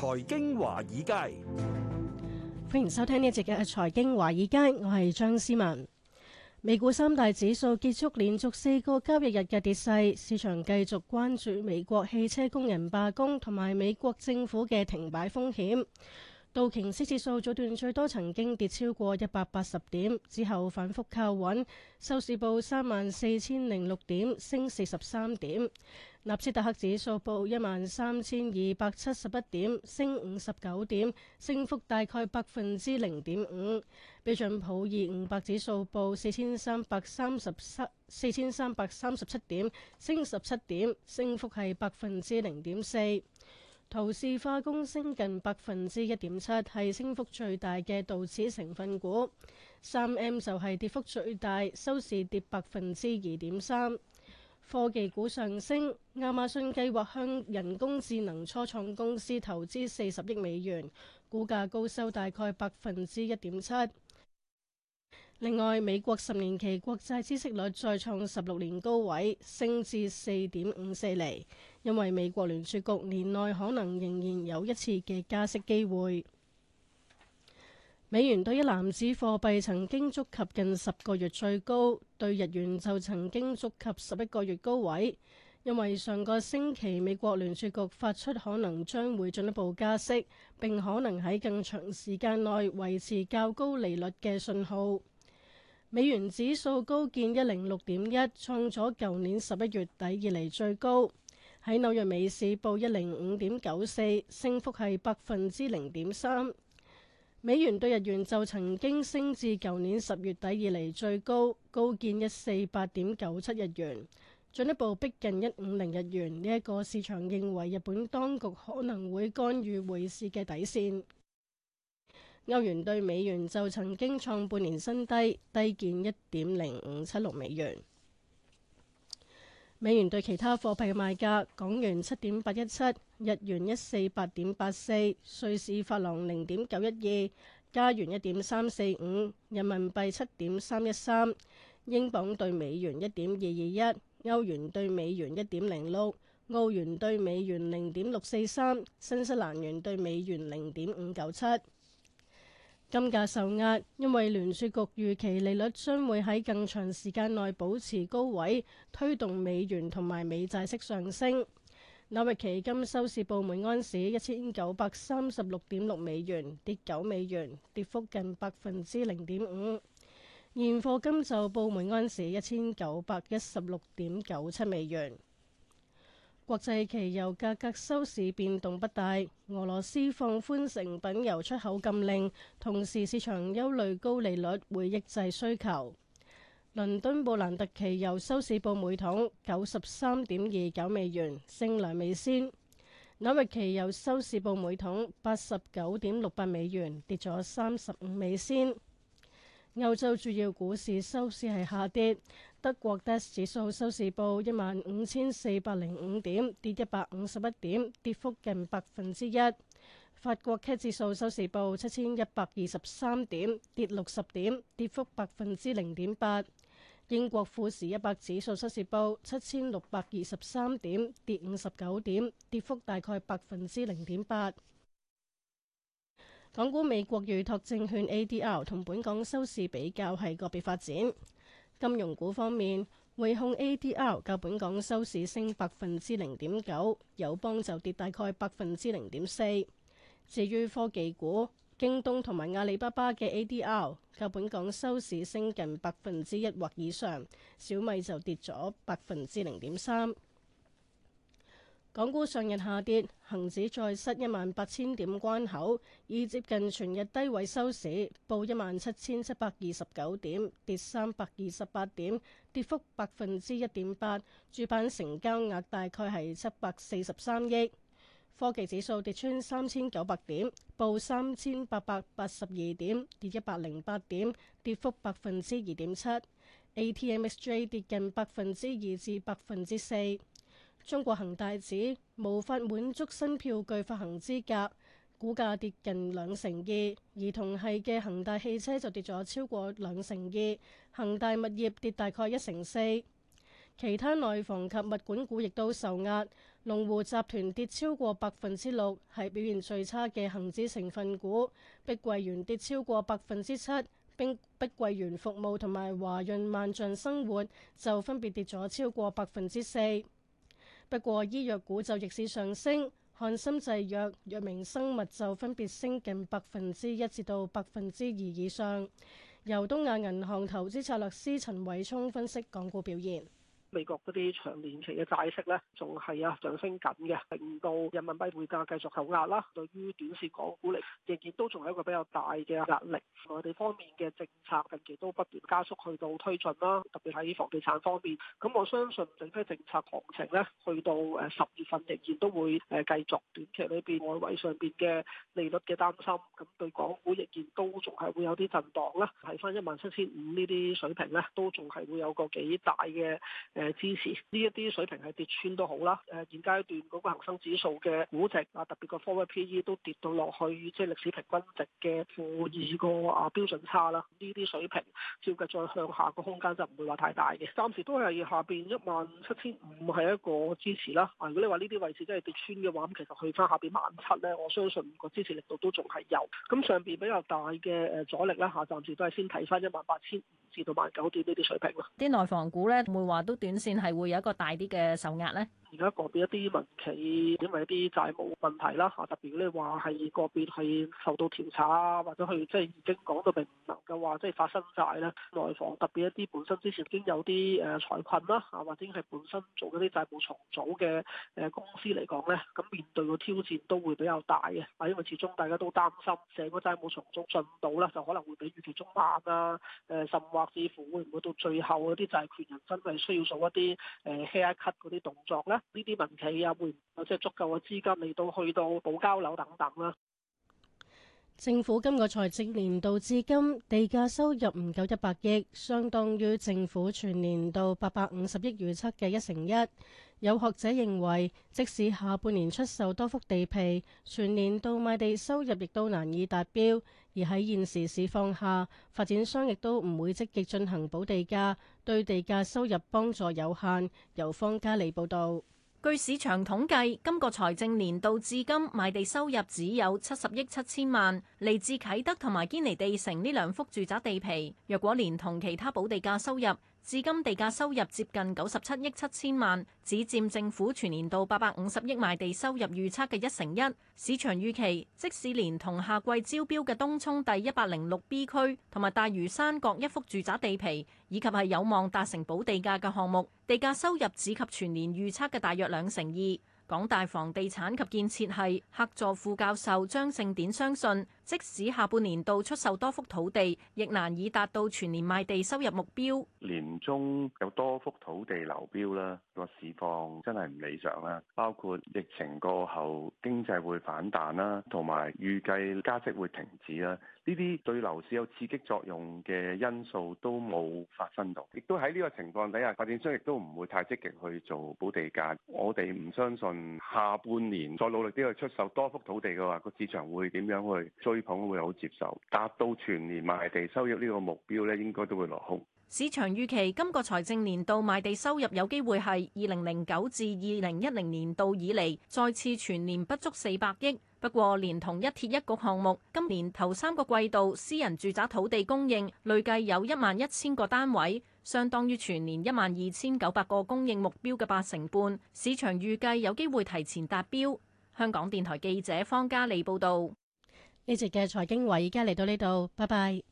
財經華爾街，歡迎收聽呢一節嘅財經華爾街，我係張思文。美股三大指數結束連續四個交易日嘅跌勢，市場繼續關注美國汽車工人罷工同埋美國政府嘅停擺風險。道瓊斯指數早段最多曾經跌超過一百八十點，之後反復靠穩，收市報三萬四千零六點，升四十三點。納斯達克指數報一萬三千二百七十一點，升五十九點，升幅大概百分之零點五。標準普爾五百指數報四千三百三十三，四千三百三十七點，升十七點，升幅係百分之零點四。陶氏化工升近百分之一點七，係升幅最大嘅道指成分股。三 M 就係跌幅最大，收市跌百分之二點三。科技股上升，亞馬遜計劃向人工智能初創公司投資四十億美元，股價高收大概百分之一點七。另外，美國十年期國債孳息率再創十六年高位，升至四點五四厘，因為美國聯儲局年內可能仍然有一次嘅加息機會。美元對一籃子貨幣曾經觸及近十個月最高，對日元就曾經觸及十一個月高位，因為上個星期美國聯儲局發出可能將會進一步加息，並可能喺更長時間內維持較高利率嘅信號。美元指數高見一零六點一，創咗舊年十一月底以嚟最高。喺紐約美市報一零五點九四，升幅係百分之零點三。美元對日元就曾經升至舊年十月底以嚟最高，高見一四八點九七日元，進一步逼近一五零日元。呢、這、一個市場認為日本當局可能會干預匯市嘅底線。歐元對美元就曾經創半年新低，低見一點零五七六美元。美元對其他貨幣嘅賣價：港元七點八一七，日元一四八點八四，瑞士法郎零點九一二，加元一點三四五，人民幣七點三一三，英鎊對美元一點二二一，歐元對美元一點零六，澳元對美元零點六四三，新西蘭元對美元零點五九七。金價受壓，因為聯儲局預期利率將會喺更長時間內保持高位，推動美元同埋美債息上升。紐約期金收市報每盎司一千九百三十六點六美元，跌九美元，跌幅近百分之零點五。現貨金就報每盎司一千九百一十六點九七美元。國際期油價格收市變動不大，俄羅斯放寬成品油出口禁令，同時市場憂慮高利率會抑制需求。倫敦布蘭特期油收市報每桶九十三點二九美元，升兩美仙；紐約期油收市報每桶八十九點六八美元，跌咗三十五美仙。歐洲主要股市收市係下跌，德國 DAX 指數收市報一萬五千四百零五點，跌一百五十一點，跌幅近百分之一。法國 CAC 指數收市報七千一百二十三點，跌六十點，跌幅百分之零點八。英國富時一百指數收市報七千六百二十三點，跌五十九點，跌幅大概百分之零點八。港股美國預託證券 A D R 同本港收市比較係個別發展。金融股方面，匯控 A D R 較本港收市升百分之零點九，友邦就跌大概百分之零點四。至於科技股，京東同埋阿里巴巴嘅 A D R 較本港收市升近百分之一或以上，小米就跌咗百分之零點三。港股上日下跌，恒指再失一萬八千點關口，以接近全日低位收市，報一萬七千七百二十九點，跌三百二十八點，跌幅百分之一點八。主板成交額大概係七百四十三億。科技指數跌穿三千九百點，報三千八百八十二點，跌一百零八點，跌幅百分之二點七。A T M S J 跌近百分之二至百分之四。中國恒大指無法滿足新票據發行資格，股價跌近兩成二。而同系嘅恒大汽車就跌咗超過兩成二，恒大物業跌大概一成四。其他內房及物管股亦都受壓，龍湖集團跌超過百分之六，係表現最差嘅恒指成分股。碧桂園跌超過百分之七，冰碧桂園服務同埋華潤萬象生活就分別跌咗超過百分之四。不過，醫藥股就逆市上升，漢森製藥、藥明生物就分別升近百分之一至到百分之二以上。由東亞銀行投資策略師陳偉聰分析港股表現。美國嗰啲長年期嘅債息咧，仲係啊上升緊嘅，令到人民幣匯價繼續受壓啦。對於短線港股嚟，仍亦都仲係一個比較大嘅壓力。內地方面嘅政策近期都不斷加速去到推進啦，特別喺房地產方面。咁我相信整體政策行情咧，去到誒十月份仍然都會誒、呃、繼續短期裏邊外圍上邊嘅利率嘅擔心，咁對港股仍然都仲係會有啲震盪啦。睇返一萬七千五呢啲水平咧，都仲係會有個幾大嘅。呃誒支持呢一啲水平係跌穿都好啦。誒現階段嗰個恆生指數嘅估值啊，特別個 forward P E 都跌到落去，即係歷史平均值嘅負二個啊標準差啦。呢啲水平照計再向下個空間就唔會話太大嘅。暫時都係下邊一萬七千五係一個支持啦。如果你話呢啲位置真係跌穿嘅話，咁其實去翻下邊萬七咧，我相信個支持力度都仲係有。咁上邊比較大嘅誒阻力咧，嚇暫時都係先睇翻一萬八千。至到萬九點呢啲水平咯，啲內房股咧，唔會話都短線係會有一個大啲嘅受壓咧？而家個別一啲民企，因為一啲債務問題啦，嚇特別嗰啲話係個別係受到調查啊，或者佢即係已經講到並唔能夠話即係發生債咧。內房特別一啲本身之前已經有啲誒財困啦，嚇或者係本身做嗰啲債務重組嘅誒公司嚟講咧，咁面對個挑戰都會比較大嘅，因為始終大家都擔心成個債務重組進度啦，就可能會比預期中慢啦。誒，甚或甚至乎會唔會到最後嗰啲債權人真係需要做一啲誒 haircut 嗰啲動作咧？呢啲民企啊，會有即係足夠嘅資金嚟到去到補交樓等等啦。政府今個財政年度至今地價收入唔夠一百億，相當於政府全年度八百五十億預測嘅一成一。有學者認為，即使下半年出售多幅地皮，全年度賣地收入亦都難以達標。而喺現時市況下，發展商亦都唔會積極進行補地價，對地價收入幫助有限。由方家利報道。據市場統計，今個財政年度至今賣地收入只有七十億七千萬，嚟自啟德同埋堅尼地城呢兩幅住宅地皮。若果連同其他補地價收入，至今地價收入接近九十七億七千萬，只佔政府全年度八百五十億賣地收入預測嘅一成一。市場預期，即使連同夏季招標嘅東涌第一百零六 B 區同埋大嶼山各一幅住宅地皮，以及係有望達成補地價嘅項目，地價收入只及全年預測嘅大約兩成二。港大房地產及建設系客座副教授張勝典相信，即使下半年度出售多幅土地，亦難以達到全年賣地收入目標。年中有多幅土地流標啦，個市況真係唔理想啦。包括疫情過後經濟會反彈啦，同埋預計加息會停止啦，呢啲對樓市有刺激作用嘅因素都冇發生到，亦都喺呢個情況底下，發展商亦都唔會太積極去做補地價，我哋唔相信下半年再努力啲去出售多幅土地嘅話，個市場會點樣去追會好接受，達到全年賣地收入呢個目標呢，應該都會落空。市場預期今個財政年度賣地收入有機會係二零零九至二零一零年度以嚟，再次全年不足四百億。不過，連同一鐵一局項目，今年頭三個季度私人住宅土地供應累計有一萬一千個單位，相當於全年一萬二千九百個供應目標嘅八成半。市場預計有機會提前達標。香港電台記者方嘉利報道。呢集嘅財經話，而家嚟到呢度，拜拜。